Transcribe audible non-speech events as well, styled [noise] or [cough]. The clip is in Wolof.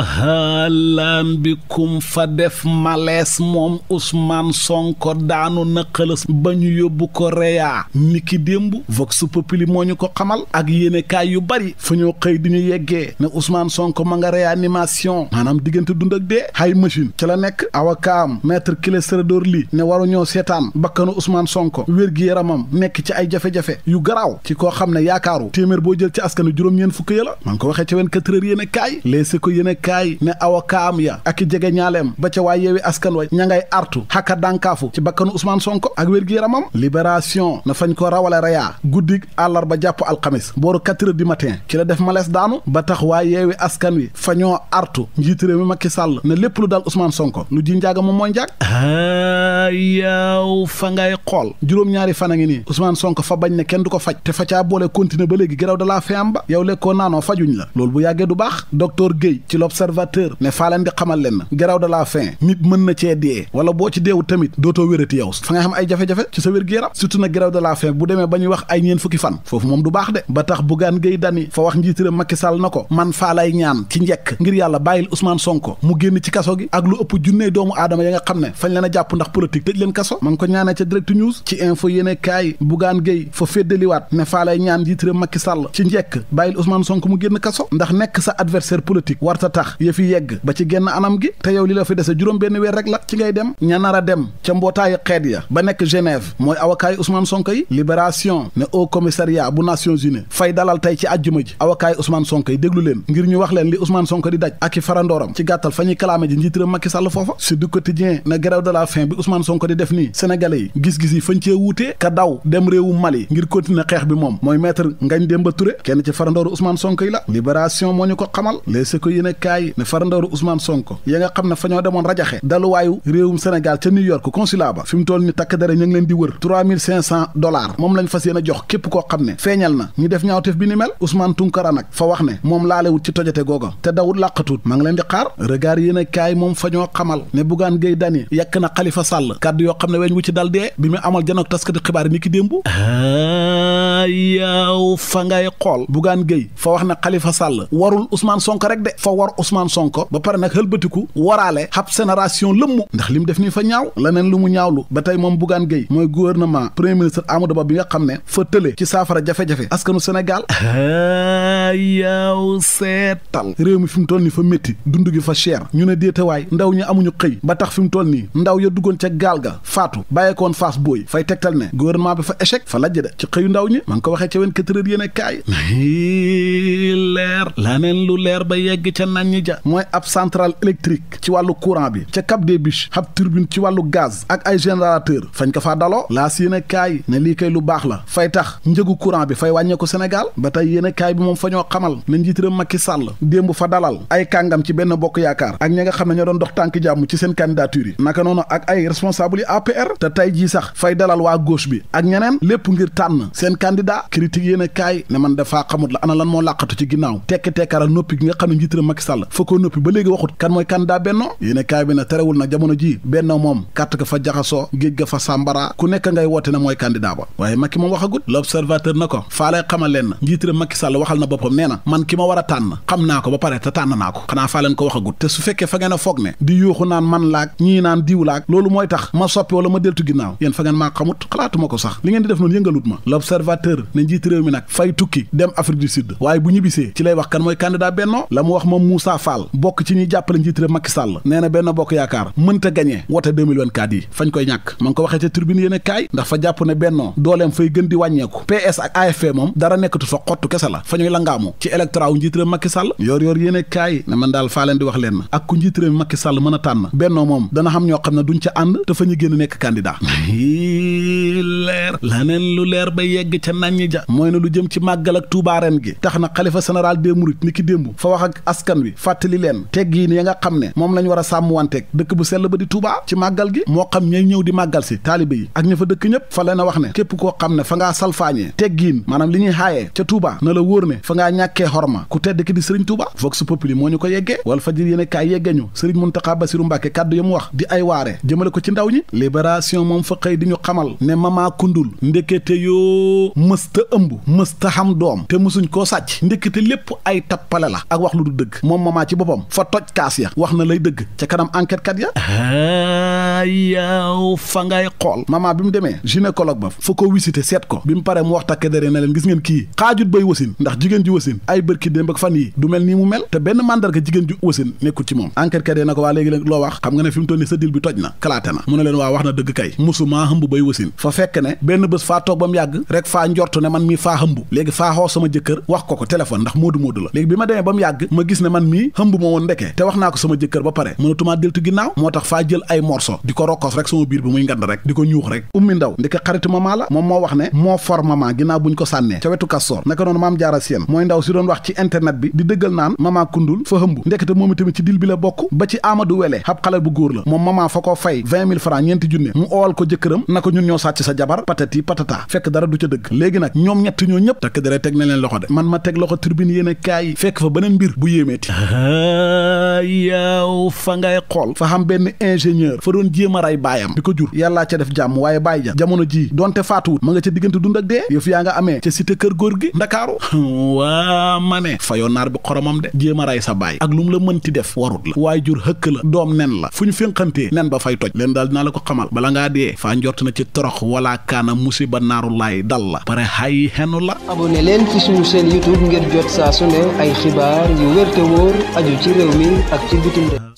wahalaan bi kum fa def malaise moom Ousmane Sonko daanu na xëlës ba ñu yóbbu ko reyaa niki démb vox populi moo ñu ko xamal ak kaay yu bari fu ñu xëy di ñu yeggee ne Ousmane Sonko ma nga réanimation maanaam diggante dund ak dee hay machine ci la nekk awakaam maître Ciré Clédor Ly ne waru ñoo seetaan bakkanu Ousmane Sonko wér gi yaramam nekk ci ay jafe-jafe yu garaaw ci koo xam ne yaakaaru téeméer boo jël ci askanu juróom-ñeent fukk ya la maa ngi ko waxee ci 24 heures kaay ne awakaam ya ak i jege ñaaleem ba ca waa yeewi askan wa ña ngay artu xakka dànkaafu ci bakkanu Ousmane Sonko ak wér-gi-yaramam libération na fañ ko rawale rayaa guddi àllarba jàpp alxamis booru quatre heures du matin ci la def malees daanu ba tax waa yeewi askan wi fa ñoo artu njiit réew mi Macky Sall ne lépp lu dal usmaan Sonko lu ji njaaga moom mooy njaag yaaw fa ngay xool juróom-ñaari fan a ngi nii Ousmane Sonko fa bañ ne kenn du ko faj te fa caa boole continuer ba léegi garaw da la loolu bu yàggee du l'observateur ne faa leen di xamal leen na grève de la faim nit mën na cee dee wala boo ci deewu tamit dootoo wérati yow fa nga xam ay na grève de la faim bu demee ba ñuy wax ay ñeen fukki fan foofu ñaan ci njekk ngir ci kaso gi ak lu ëpp junnee nga xam ne a jàpp ndax politique tëj leen kaso ma ngi ko ñaanee ca direct news ci info yéene kaay Bougane Gueye fa féddaliwaat ne faa lay njekk bàyyil Ousmane Sonko mu génn kaso ndax nekk sa adversaire politique warta tax yëf yi yegg ba ci genn anam gi te yow li la fi dese juróom benn weer rek la ci ngay dem ña nar a dem ca mbootaayu xeet ya ba nekk Genève mooy awakaay Ousmane Sonko yi libération ne au commissariat bu Nations Unies fay dalal tey ci àjjuma ji awakaay Ousmane Sonko yi déglu leen ngir ñu wax leen li Ousmane Sonko di daj ak i farandooram ci gàttal fa ñuy kalaame ji njiitëram foofa si du quotidien ne grève de bi Ousmane Sonko di def nii sénégalais yéenekaay ne farandooru Ousmane Sonko ya nga xam ne fa demoon rajaxe daluwaayu réewum Sénégal ca New York consulat ba fi mu toll ni takk dara ñu ngi leen di wër 3500 moom lañ fas yéen a jox képp koo xam ne feeñal na ñu def ñaawteef bi ni mel Ousmane Tunkara nag fa wax ne moom laalewut ci tojate googa te dawut làqatuut maa leen di xaar regard yéenekaay moom fa xamal ne Bougane Gueye Dany yàkk na Khalifa Sall kàddu yoo xam ne weñ wu ci dal dee bi mu amal Ousmane Sonko ba pare nag xëlbatiku waraale xab génération lëmm ndax li mu def nii fa ñaaw leneen lu mu ñaawlu ba tey moom Bougane Gueye mooy gouvernement premier ministre Amadou Ba bi nga xam ne fa tële ci saafara jafe-jafe askanu Sénégal yaaw seetal réew mi fi mu toll nii fa métti dund gi fa cher ñu ne déetewaay ndaw ñi amuñu xëy ba tax fi mu nii ndaw ya duggoon ca gaal ga faatu bàyyeekoon faas booy fay tegtal ne gouvernement bi fa échec fa lajj de ci xëyu ndaw ñi ma ngi ko waxee ca wen e kaay leer ñi ja mooy ab central électrique ci wàllu courant bi ca Cap des Biches ab turbine ci wàllu gaz ak ay générateur fañ ko faa daloo laas yéene kaay ne lii kay lu baax la fay tax njëgu courant bi fay wàññeeku Sénégal ba tey yéene kaay bi moom fa ñoo xamal ne njiit réew Macky démb fa dalal ay kàngam ci benn bokk yaakaar ak ñi nga xam ne ñoo doon dox tànk jàmm ci seen candidature yi naka noonu ak ay responsable yi APR te tey jii sax fay dalal waa gauche bi ak ñeneen lépp ngir tànn seen candidat critique yéene kaay ne man dafaa xamut la ana lan moo làqatu ci ginnaaw tekki tekkaaral noppi gi nga xam ne njiit réew Macky Sall fa ko noppi ba léegi waxut kan mooy candidat bennoo yéene kaay bi ne terewul nag jamono ji bennoo moom kàtt ga fa jaxasoo géej ga fa sàmbara ku nekk ngay woote ne mooy candidat ba waaye Macky moom waxagut l'observateur na ko faa lay xamal leen njiitëram Macky Sall waxal na boppam nee na man ki ma war a tànn xam naa ko ba pare te tànn naa ko xanaa faa ko waxagut te su fekkee fa ngeen a foog ne di yuuxu naan man laag ñii naan diw laag loolu mooy tax ma soppi wala ma deltu ginnaaw yéen fa ngeen maa xamut xalaatuma ko sax li ngeen di ma l'observateur ne njiit réew mi nag fay bu ñibbisee ci lay wax kan mooy Moussa bokk ci ñuy jàppale njiitëra Macky Sall nee na benn bokk yaakaar mënta gañee wote 2024 yi fañ koy ñàkk ma ngi ko waxee ca tribune yéen kaay ndax fa jàpp ne bennoo dooleem fay gën di wàññeeku PS ak AFP moom dara nekkatu fa xottu kese la fa ñuy langaamu ci électorat wu njiitëra Macky Sall yoor yoor yéen kaay ne man daal faa leen di wax leen ak ku njiitëra Macky Sall mën a tànn bennoo moom dana xam ñoo xam ne duñ ca ànd te fa ñu génn nekk candidat [laughs] leer laneen lu leer ba yegg ca nañ ja mooy ne lu jëm ci màggal ak Tuubaa gi tax na xalifa général des ni ki démb fa wax ak askan wi fàttali leen teggiin ya nga xam ne moom lañ war a sàmmwanteeg dëkk bu sell ba di Touba ci màggal gi moo xam ñay ñëw di màggal si taalibe yi ak ña fa dëkk ñëpp fa leen a wax ne képp koo xam ne fa ngaa salfaañee teggiin maanaam li ñuy xaayee ca Touba na la wóor ne fa ngaa ñàkkee xorma ku tedd ki di sëriñ Touba vox populi moo ñu ko yeggee wal fajir yéene kaay yeggee ñu sëriñ Muntaxa Basiru Mbàkke kàddu ya mu wax di ay waare jëmale ko ci ndaw ñi libération moom fa xëy di ñu xamal ne mama kundul ndekete yoo mësta ëmb mësta xam doom te mësuñ koo sàcc ndekete lépp ay tappale la ak wax lu du dëgg moomaa ci boppam fa toj kaas ya wax na lay dëgg ca kanam enquête kat ya ah, yaaw fa ngay xool maman bi mu demee gynécologue ba fa ko visité seet ko bi mu paree mu wax takkadare na leen gis ngeen kii xaajut bay wasin ndax jigéen ji wasin ay bërki démb ak fan yi du mel nii mu mel te benn mandarga jigéen ji wasin nekkul ci moom enquête kat ya na ko waa léegi loo wax xam nga ne fi mu ni sa dil bi toj na kalaate na mu ne leen waa wax na dëgg kay musumaa hëmb bay benn bés ba mu yàgg rek faa njort ne man mii faa hëmb léegi faa xoo sama jëkkër wax ko ko téléphone ndax moodu moodu la léegi bi bii ma woon ndeke te wax naa ko sama jëkkër ba pare mënatumaa deltu ginnaaw moo tax faa jël ay morso di ko rokkos rek sama biir bi muy ngand rek di ko ñuux rek ummi ndaw ndeke xaritu mamaa la moom moo wax ne moo for mamaa ginnaaw bu ñu ko sànnee ca wetu kastoor naka noonu maam jaara seen mooy ndaw si doon wax ci internet bi di dëggal naan mamaa kundul fa xëmb ndekete moom itamit ci dil bi la bokk ba ci Amadou Wele xab xale bu góor la yow fa ngay xool fa xam benn ingénieur fa doon jéem a baayam bi ko jur yàllaa ca def jàmm waaye bàyyi ja jamono ji donte faatuwut ma nga ca diggante dund ak dee yëf yaa nga amee ca cité kër góor gi ndakaaru [laughs] waa ma ne fa yoon naar bi xoromam de jéem a sa baay ak lu mu la mënti def warut la waaye jur xëkk la doom nen la fu ñu fénqantee nen ba fay toj leen daal dinaa la ko xamal bala ngaa dee faa njort na ci torox wala kaanam musiba naaru laay dal la la abonné leen wër ci réew mi ak ci bitim réew